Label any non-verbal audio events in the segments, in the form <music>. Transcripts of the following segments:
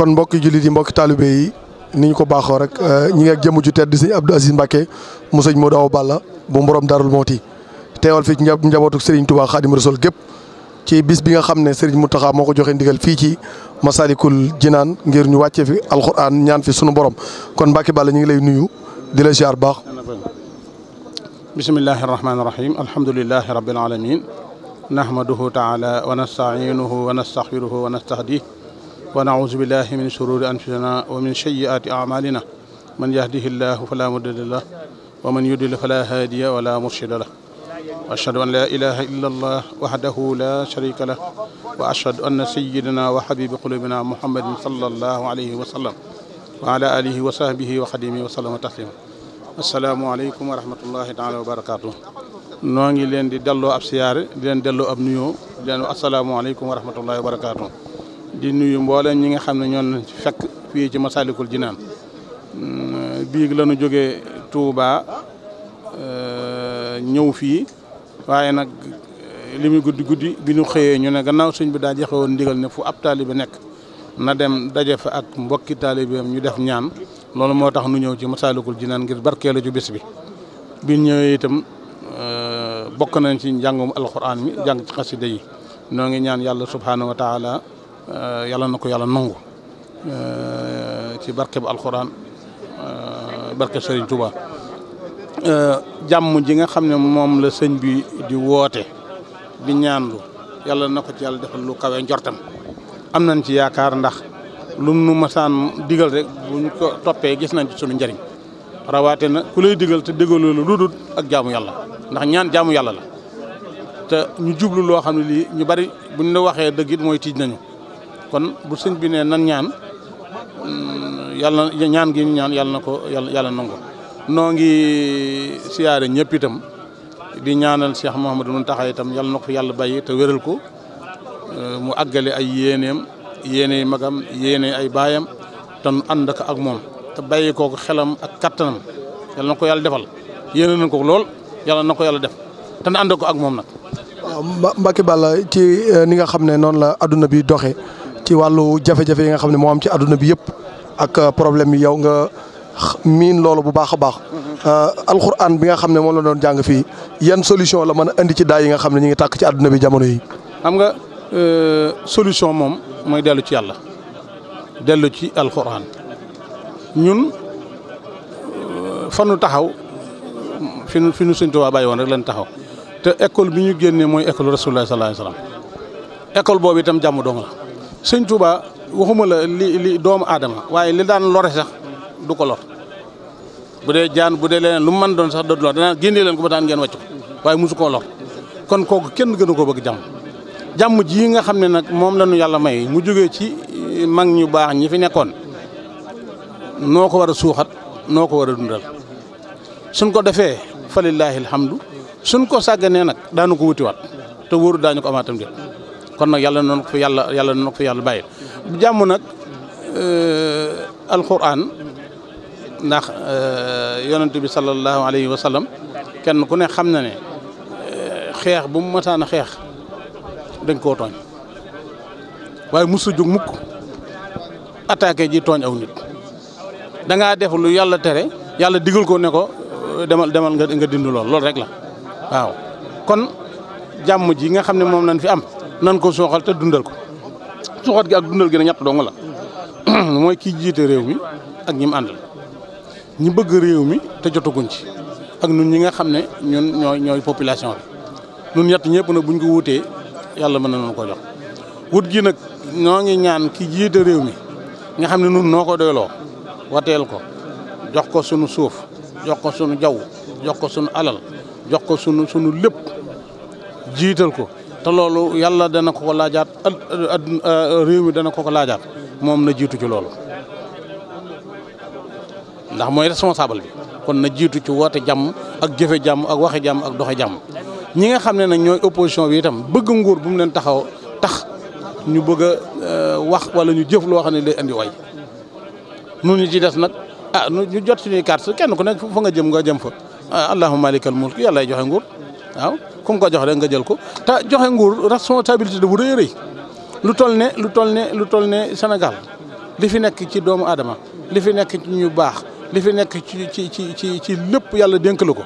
kon mbokki jullit yi mbokki taalibe yi ni ñu ko baaxoo rek euh, ñi ngi ak jëmm ju tedd sëñ Abdou Aziz Mbacke mu sëñ Modou Awa Balla bu mboroom Darou Mouhty teewal fii ci njabootu Serigne gépp ci bis bi nga xam ne Serigne Mountakha moo ko joxe ndigal fii ci Masalikul Jinaan ngir ñu wàccee fi alxuraan ñaan fi sunu borom kon Mbacke Balla ñu ngi lay nuyu di la ziar baax. bismillahi rahmaani rahim alhamdulillahi rabbil alamin nahmaduhu taala wa nastainuhu wa nastaxfiruhu wa nastahdiih wa naudu billahi min shururi anfusina wa min sayyiati amalina man yahdihi llahu fala mudilla lah wa man yudlil fala hadiya wala murshida lah wa ashhadu an la ilaha illa allah wahdahu la sharika lah wa ashhadu anna sayyidina wa habiba qulubina muhammadin sallallahu alayhi wa sallam wa ala alihi wa sahbihi wa xadimi wa sallama taslima assalaamu aleykum wa rahmatullahi taala wa barakatuh noo ngi leen di delloo ab siyaare di leen delloo ab nuyoo di leen assalaamu aleykum wa rahmatullahi wa barakatuh di nuyu mboolem ñi nga xam ne ñoo ñoon fekk fii ci Masalikul Jinaan mm, biig la ñu jógee Touba euh, ñëw fii waaye nag li muy guddi guddi bi ñu xëyee ñu ne gannaaw sëñ bi daa joxe woon ndigal ne fu ab taalibe nekk na dem daje fa ak mbokki taalibeem ñu def ñaan loolu moo tax nu ñëw ci Masalikul Jinaan ngir barkeelu ci bis bi bi ñëwee itam euh, bokk nañ ci njàngum alxuraan mi jàng ci xasida yi noo ngi ñaan yàlla subhaanahu wa Euh, yàlla na ko yàlla nangu euh, ci barkeb alxuraan euh, barkeb sëriñ Touba jàmm ji nga xam ne moom la sëñ bi di woote di ñaanlu yàlla na ko ci yàlla defal lu kawe njortam am nañ ci yaakaar ndax lu nu masaan digal rek bu ñu ko toppee gis nañ ci sunu njëriñ rawaate na ku lay digal te dégaloo la lu dul ak jaamu yàlla ndax ñaan jaamu yàlla la te ñu jublu loo xam ne lii ñu bari bu ñu la waxee dëgg mooy tiij nañu kon bu sëñ bi ne nan ñaan yàlla ñaan gi ñaan yàlla na ko yàlla yàlla nangu noo ngi siyaare ñëpp itam di ñaanal Cheikh Mouhamadou Mountakha itam yàlla na ko yàlla bàyyi te wéral ko euh, mu àggale ay yéeneem yéene magam yéene ay baayam te nu ak moom te bàyyi ko ak kattanam yàlla na ko yàlla defal yéene na ko lool yàlla na ko yàlla def te ànd ko moom nag. waaw Mbacke ci euh, ni nga xam ne noonu la adduna bi doxee. ci wàllu jafe-jafe yi nga xam ne moom am ci àdduna bi yëpp ak euh, problème yi yow nga miin loolu bu baax a baax. Euh, alxuraan bi nga xam ne moom la doon jàng fii yan solution la mën a indi ci daay yi nga xam ne ñu ngi tàkk ci àdduna bi jamono yi. xam nga euh, solution moom mooy dellu ci yàlla dellu ci alxuraan ñun fanu taxaw fi nu fi nu Sëñ Tuubaa bàyyi woon rek lañ taxaw te école bi ñu génnee mooy école Rasulullah sallallahu alayhi école boobu itam jàmm dong la. sëñ Touba waxuma la li li doomu aadama waaye li daan lore sax du ko lor bu dee jaan bu dee leneen lu mu mën doon sax dootu lor danaa génnee leen ko ba daan ngeen wàcc ko waaye mosu koo lor kon kooku kenn gënu ko bëgg jàmm jàmm ji nga xam ne nag moom la yàlla may mu jóge ci mag ñu baax ñi fi nekkoon noo ko war a suuxat noo ko war a dundal suñ ko defee fa lillaahi alhamdu suñ ko sàgganee nag daanu ko wutiwaat te wóoru daañu ko amaatam de kon nag yàlla noonu ko fi yàlla yàlla noonu ko fi yàlla bàyyi nag euh, alquran ndax euh, yonent bi sallallahu alayhi wa kenn ku ne xam na ne euh, xeex bu mu mataan a xeex dañ koo tooñ waaye musu jug mukk attaqué ji tooñ aw nit da ngaa def lu yàlla tere yàlla digal ko ne ko demal demal nga nga dindi lool loolu rek la waaw kon jàmm ji nga xam ne moom lañ fi am nan ko sooxal te dundal ko suuxat gi ak dundal gi na ñett dong la <clears throat> mooy kii jiite réew mi ak ñi mu àndal ñi bëgg réew mi te jotaguñ ci ak ñun ñi nga xam ne ñun ñooy ñooy population bi ñun ñett ñëpp nag buñ ko wutee yàlla mën na noonu ko jox. wut gi nag ñoo ngi ñaan ki jiite réew mi nga xam ne nun noo ko doyloo wateel ko jox ko sunu suuf jox ko sunu jaww jox ko sunu alal jox ko sunu sunu lépp jiital ko. te loolu yàlla dana ko ko laajaat euh, réew mi dana ko ko laajaat moom na jiitu ci loolu ndax mooy responsable bi kon na jiitu ci woote jàmm ak jëfe jàmm ak waxe jàmm ak doxe jàmm ñi nga xam ne nag ñooy opposition bi itam bëgg nguur bu mu leen taxaw tax ñu bëgg a euh, wax wala ñu jëf loo xam ne day andi way nun ñi ci des nag ah ñu jot suñuy carte kenn ku nekk fa nga jëm nga jëm fa ah, allahumma malikal mulk yàlla joxe nguur waaw kom mu ko jox rek nga jël ko te joxe nguur responsabilité bu rëy rëy lu toll ne lu toll ne lu toll ne Sénégal li fi nekk ci doomu aadama li fi nekk ci ñu baax li fi nekk ci ci ci ci ci lépp yàlla dénk la ko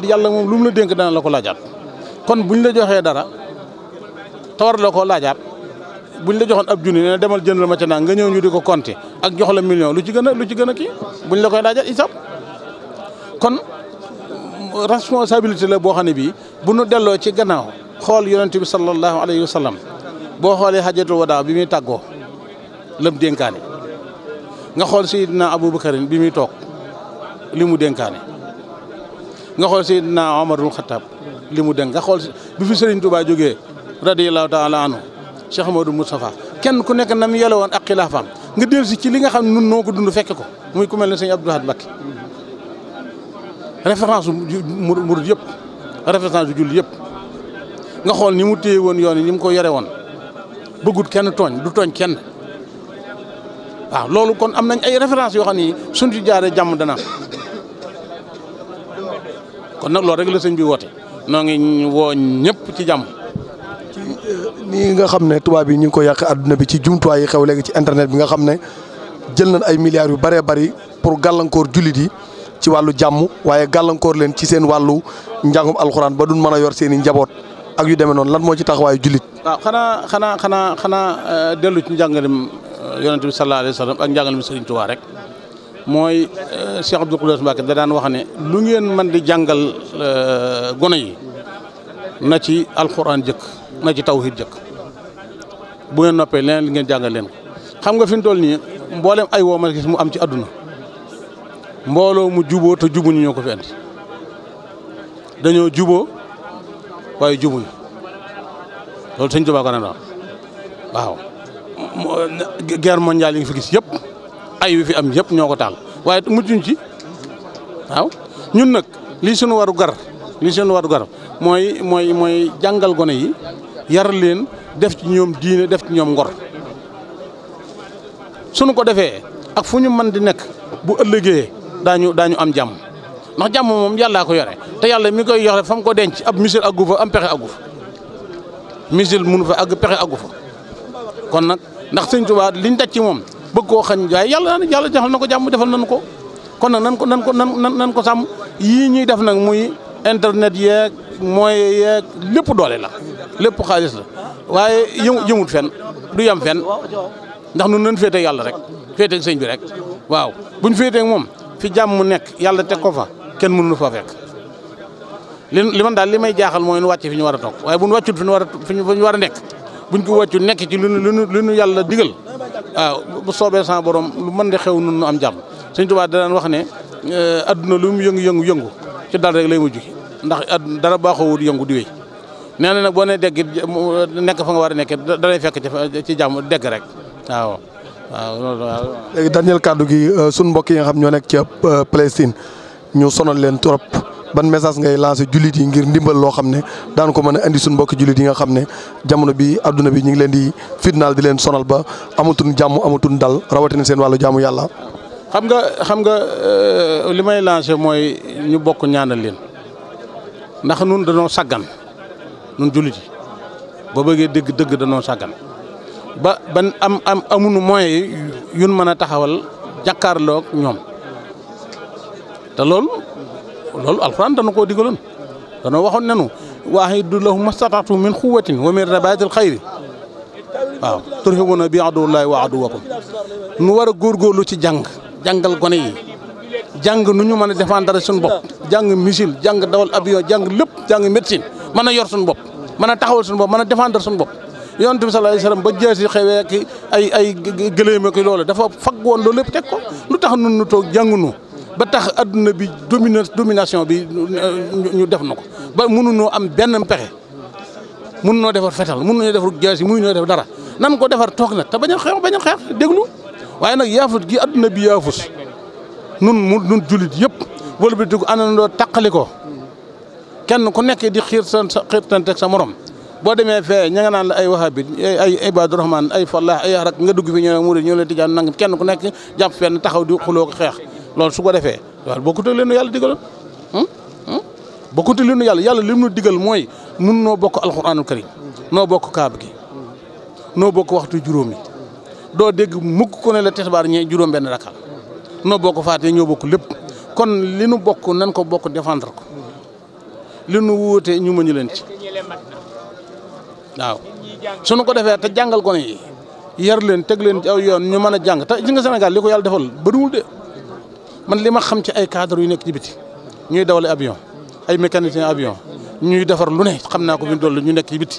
te yàlla moom lu mu la dénk dana la ko laajaat kon buñ la joxee dara te war la ko laajaat buñ la joxoon ab junni ne demal jëndal ma ca naa nga ñëw ñu di ko compter ak jox la million lu ci gën lu ci gën a kii buñ la koy laajaat isab kon responsabilité la boo xam ne bii bu nu delloo ci gannaaw xool yonent bi sallallahu alayhi wa sallam boo xoolee xajatul wadaa bi muy taggoo lam dénkaane nga xool si sayidina abubakarin bi muy toog li mu dénkaane nga xool sayidina omarul xataab li mu dénk nga xool bi fi sëriñ tubaa jógee radiallahu taala anhu cheikh amadou kenn ku nekk na mu yele woon ak xilaafaam nga dellu si ci li nga xam nun noo ko dund ko muy ku mel ne sëñ abdoulahad mbakke référence yu murid yëpp référence yu julli yëpp nga xool ni mu téye woon yoon yi ni mu ko yore woon bëggut kenn tooñ du tooñ kenn waaw loolu kon am nañ ay référence yoo xam ni suñ ci jaaree jàmm dana kon nag loolu rek la sëñ bi woote noo ngi woo ñëpp ci jàmm. ci euh, nga xam ne tubaab yi ñu ngi ko yàq adduna bi ci jumtuwaay yi xew léegi ci internet bi nga xam ne jël na ay milliards yu bëree bëri pour gàllankoor jullit yi. ci wàllu jàmm waaye gàllankoor leen ci seen wàllu njàngum alxuraan ba duñ mën a yor seeni njaboot ak yu demee noonu lan moo ci taxawaayu jullit. waaw xanaa xanaa xanaa xanaa euh, dellu ci njàngalem euh, yonent bi sallallahu alayhi wa sallam ak njàngalem Serigne Touba rek mooy euh, Cheikh Abdou Khoudoss Mbacké da daan wax ne lu ngeen man di jàngal gone yi na ci alxuraan jëkk na ci tawhid jëkk bu ngeen noppee leneen li ngeen jàngal leen ko xam nga fi mu toll nii mboolem ay woo ma gis mu am ci àdduna mbooloo mu juboo te jubuñu ñoo ko fi dañoo juboo waaye jubuñu loolu sëñ Tuubaa ko ne waaw guerre mondiale yi nga fi gis yëpp ay wi fi am yépp ñoo ko taal waaye muccuñ ci waaw ñun nag lii suñu waru gar lii suñu waru gar mooy mooy mooy jàngal gone yi yar leen def ci ñoom diine def ci ñoom ngor sunu ko defee ak fu ñu mën di nekk bu ëllëgee daañu daañu am jàmm ndax jàmm moom yàllaa ko yore te yàlla mi koy yore fa mu ko denc ab misil aggu fa am pexe aggu fa misil munu fa agg pexe aggu fa kon nag ndax sëñ Tuubaa liñ daj ci moom bëgg koo xañ waaye yàlla yàlla defal na ko jàmm defal nañ ko kon nag nan ko nan ko nan nan ko sàmm yii ñuy def nag muy internet yeeg mooy yeeg lépp doole la lépp xaalis la waaye yëmu yëmut fen du yem fenn ndax nun nan féete yàlla rek féete ak bi rek waaw buñ féete moom fi jàmm nekk yàlla teg ko fa kenn mënuñu fa fekk li li man daal li may jaaxal mooy nu wàcce fi ñu war a toog waaye bu ñu wàccut fi ñu war a a nekk buñ ko wàccu nekk ci lu nu lu yàlla digal waaw bu soobee sans borom lu mën di xew nun nu am jàmm Sëñ Tuubaa da daan wax ne eh, adduna lu mu yëngu yëngu yëngu ci dal rek lay mujj ndax dara baaxoowul yëngu di wéy nee na nag boo nee dégg nekk fa nga war a nekkee da fekk ci jàmm dégg rek waaw. waaw loolu waaw. kàddu gi euh, sunu mbokk yi nga xam ñoo nekk ci euh, Palestine ñu sonal leen trop ban message ngay lancé jullit yi ngir ndimbal loo xam ne daan ko mën a indi suñ mbokk jullit yi nga xam ne jamono bi àdduna bi ñu ngi leen di fitnaal di leen sonal ba amatuñ jàmm amatuñ dal rawatina seen wàllu jaamu yàlla. xam nga xam nga euh, li may lancé mooy ñu bokk ñaanal leen ndax nun danoo saggan nun jullit yi ba bëggee dëgg dëgg danoo saggan. ba ban am am amuñu moyens yi yuñ mën a taxawal jàkkaarloog ñoom te loolu loolu alxuraan dana koo digaloon dana waxoon nenu waaxidu lahum mastatatu min xuwatin wa min rabaatil xayri waaw turhibuuna bi aduwwallaahi wa aduwwakum nu war a lu ci jàng jàngal gone yi jàng nu ñu mën a défendre suñu bopp jàng missile jàng dawal avion jàng lépp jàng médecine mën a yor suñu bopp mën a taxawal suñu bopp mën a défendre suñu bopp yonent bi sallallahu alayhi ba jeex si xewee ak ay ay gëléem ak loolu dafa fag woon loolu lépp teg ko lu tax nun nu toog jàngunu ba tax adduna bi domina domination bi ñu def na ko ba mënunoo am benn pexe mënunoo defar fetal mënunoo defar jeex yi noo def dara nan ko defar toog na te bañ a xeex bañ a xeex déglu waaye nag yaafus gi adduna bi yaafus nun mu nun jullit yëpp wala bi dugg anandoo taqali ko kenn ku nekk di xiir sa xiirtante sa morom boo demee fee ña nga naan la ay wahabit ay ibadu rahman ay fallah ay arak nga dugg fi ñoo murid ñoo leen tijaan nangam kenn ku nekk jàpp fenn taxaw di xuloo ko xeex loolu su ko defee waaw bokkut ak leen yàlla digaloon hmm? hmm? bokkut ak yàlla yàlla lim nu digal mooy mun noo bokk alxuraanul karim noo bokk kaaba gi noo bokk waxtu juróom doo dégg mukk ko ne la tisbaar ñee juróom benn rakal noo bokk faatee ñoo bokk lépp kon li nu bokk nan ko bokk défendre ko li nu wuute ñu mëñu leen waaw suñu ko defee te jàngal gone yi yar leen teg leen ci aw yoon ñu mën a jàng te ci nga Sénégal li ko yàlla defal bëriwul de man li ma xam ci ay cadre yu nekk ci biti ñuy dawale avion ay mécanicien avion ñuy defar lu ne xam naa ko fi mu toll ñu nekk ci biti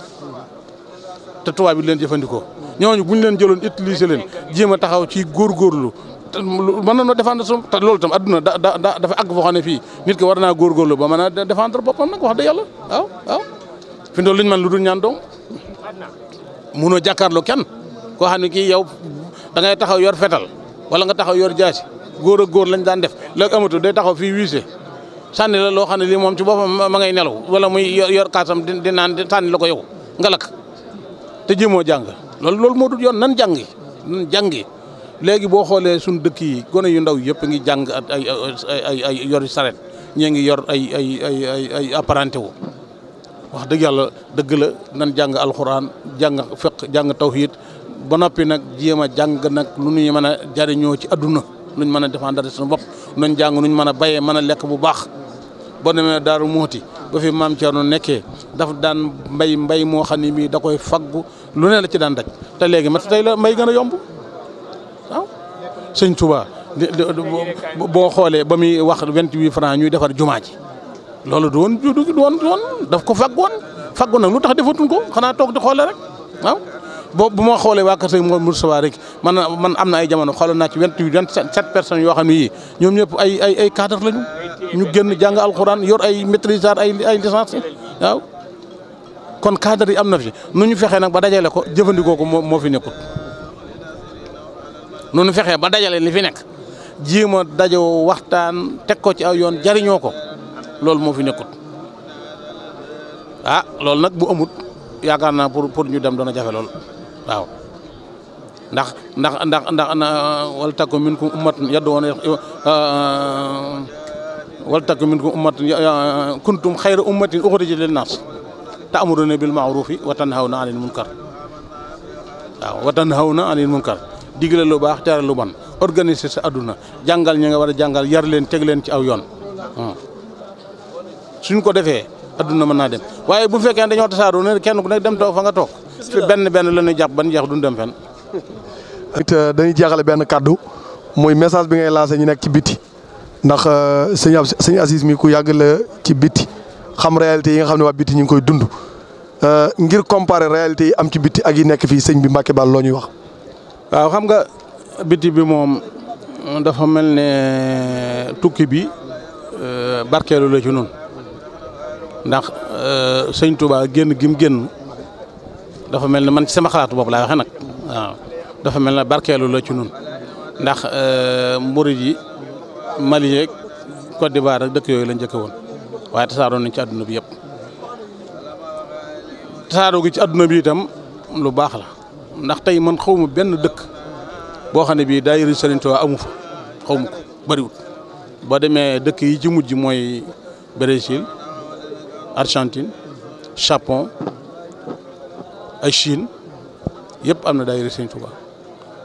te tubaab bi leen jëfandikoo ñooñu bu leen jëloon utiliser leen jéem a taxaw ci góorgóorlu te mën nañoo défendre su te loolu itam adduna da da dafa àgg foo xam ne fii nit ki war naa góorgóorlu ba man a défendre boppam nag wax dëgg yàlla waaw waaw fi mu toll li lu dul ñaan doom munoo jàkkaarloo kenn koo xam ne kii yow da ngay taxaw yor fetal wala nga taxaw yor jaas góor ak góor lañ daan def la amatul day taxaw fii wiise sànni la loo xam ne lii moom ci boppam ma ngay nelaw wala muy yor kaasam di naan sànni la ko yow nga lakk te jéemoo jàng loolu loolu moo dul yoon nan jàngi nan jàngi léegi boo xoolee suñu dëkk yi gone yu ndaw yëpp ngi jàng ay ay ay yor saret ñee ngi yor ay ay ay ay apparenté wu wax dëgg yàlla dëgg la nan jàng alxuraan jàng fiq jàng tawhid ba noppi nag jéem a jàng nag lu nuy mën a jariñoo ci adduna nuñ mën a défendre suñu bopp nuñ jàng nuñ mën a béyee mën a lekk bu baax boo demee daaru muuti ba fi maam Thierno nekkee daf daan mbay mbay moo xam ne mii da koy faggu lu ne la ci daan daj te léegi mat tey la mbay gën a yomb waaw sëñ Touba boo xoolee ba muy wax vingt-huit francs ñuy defar jumaa ji loolu du woon woon du woon daf ko fagg woon fagg woon nag lu tax defatuñ ko xanaa toog di xoole rek waaw. boo bu ma xoolee waa Kër Sëñ Moustapha rek man man am na ay jamono xooloon naa ci vingt huit vingt sept personnes yoo xam ne yii ñoom ñëpp ay ay ay cadre lañu ñu génn jàng alxuraan yor ay maîtrisard ay ay licence waaw. kon cadre yi am na fi nu ñu fexee nag ba dajale ko jëfandikoo ko moo moo fi nekkut nu fexe ba dajale li fi nekk jéem a dajoo waxtaan teg ko ci ay yoon jariñoo ko. loolu moo fi nekkut ah loolu nag bu amut yaakaar naa pour pour ñu dem doon a jafe lool waaw ndax ndax ndax ndax wal takku minkum ummatun yad'una eh, eh, wal takku minkum ummatun kuntum xayra ummatin uxrijat linnaas ta'muruna bil ma'rufi wa tanhawna 'anil munkar waaw wa tanhawna 'anil munkar digle lu baax tere lu bon organiser sa adduna jàngal ñi nga war a jàngal yar leen teg leen ci aw yoon hmm. suñ ko defee adduna mën naa dem waaye bu fekkee dañoo tasaaroo ne kenn ku nekk dem toog fa nga toog benn benn la ñuy jàpp ban jeex dem fenn. Euh, dañuy jeexale benn kàddu mooy message bi ngay lancé ñu nekk ci biti ndax euh, sëñ sëñ Aziz mi ku yàgg la ci biti xam réalité yi nga xam ne waa biti ñu ngi koy dund euh, ngir comparer réalité yi am ci bitti ak yi nekk fii sëñ bi Mbacke Bal loo ñuy wax. waaw xam nga biti bi moom dafa mel ne tukki bi barkeelu la ci noonu. ndax euh, sëñ Touba génn gim génn dafa mel ne man ci sama xalaatu bopp laa waxe nag waaw dafa mel ne barkeelu la ci nun ndax euh, murid yi Mali yeeg Côte d'Ivoire dëkk yooyu la njëkk woon waaye tasaaroo nañ ci àdduna bi yëpp tasaaroo gi ci àdduna bi itam lu baax la ndax tey man xaw ma benn dëkk boo xam ne bii daayira Sëriñ Tuubaa amu fa xaw ma ko bëriwul boo demee dëkk yi ci mujj mooy Brésil Argentine Japon ay Chine yëpp am na daayira Sëñ Tuubaa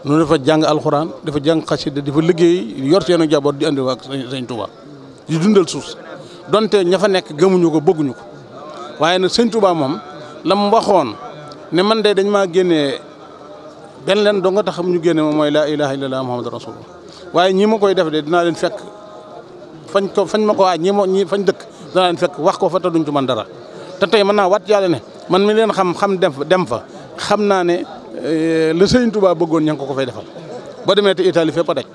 noonu dafa jàng alxuraan dafa jàng xasida dafa liggéey yor seen jaboot di andi waa Sëñ Tuubaa di dundal suuf donte ña fa nekk gëmuñu ko bëgguñu ko waaye nag Sëñ Tuubaa moom la mu waxoon ne man de dañ maa génne benn leen dong tax ñu génne moom mooy laa ilaaha illallaah Muhammadu waaye ñi ma koy def de dinaa leen fekk fañ ko fañ ma ko waaj ñi ma fañ dëkk danaan fekk wax ko fa te duñ ci mën dara te tey mën naa wat yàlla ne man mi leen xam xam dem fa xam naa ne eh, le sëñ Touba bëggoon ña nga ko fay defal ba demee te Italie fépp a daj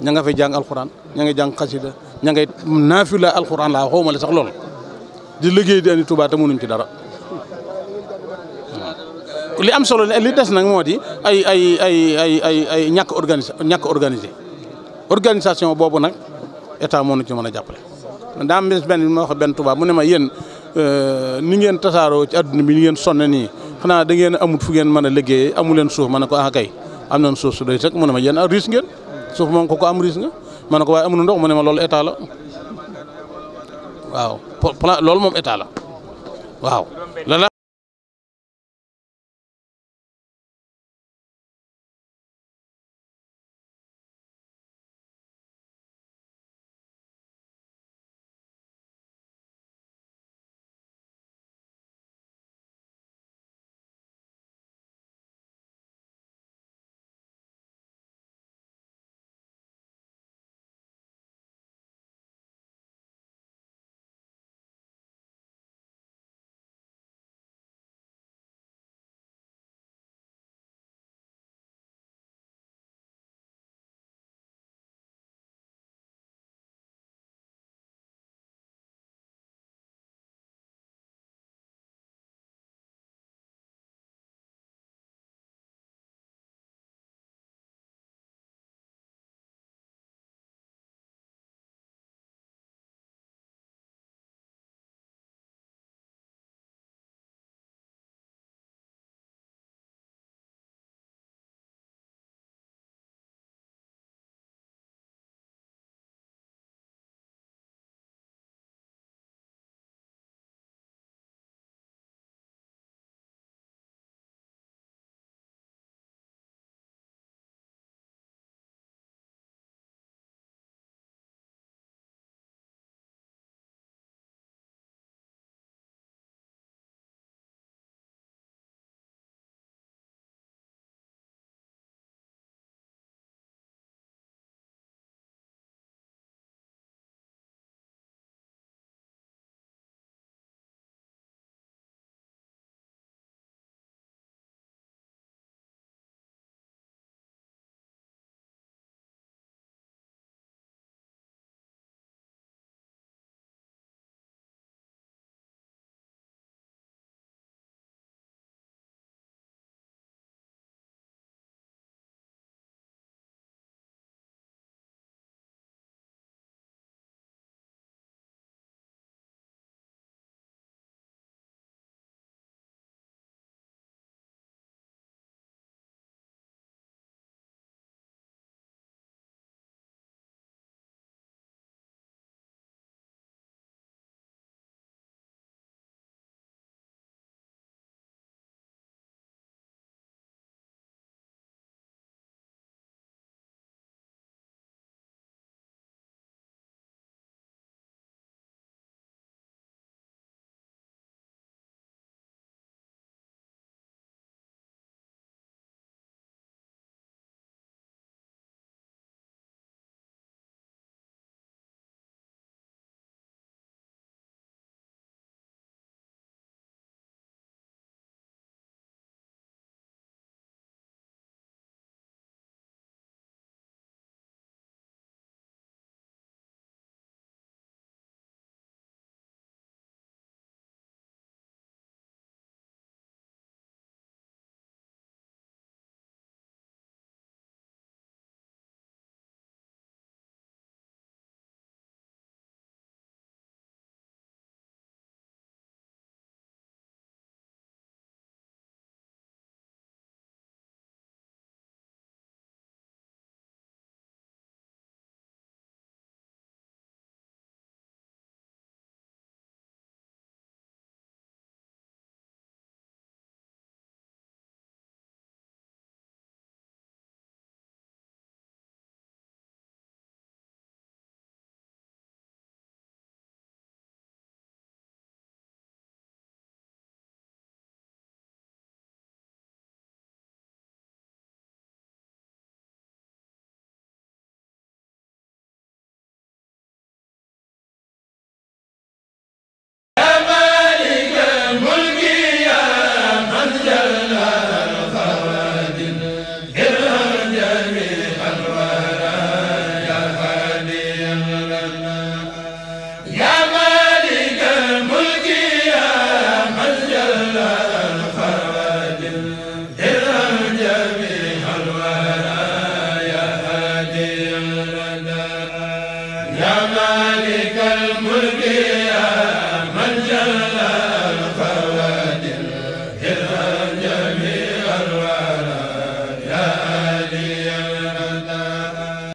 ña nga fay jàng alxuraan ña ngay jàng xasida ña ngay naafila alxuraan laa xawma sax lool di liggéey di andi Touba te mënuñ ci dara li am solo li des nag moo di ay ay ay ay ay ay ñàkk ñàkk organisé organisation boobu nag état moo nu ci mën a jàppale. daa am bés benn bi ma wax benn tubaab mu ne ma yéen euh, ni ngeen tasaaroo ci adduna bi ni ngeen sonne nii xanaa da ngeen amut fu ngeen mën a liggéey amu leen suuf ma ne ko ah kay am nañ suuf su doy sax mu ne ma yéen a riis ngeen suuf ko ko am riis nga ma ne ko waaye amul ndox mu ne ma loolu état la waaw plan moom état la waaw.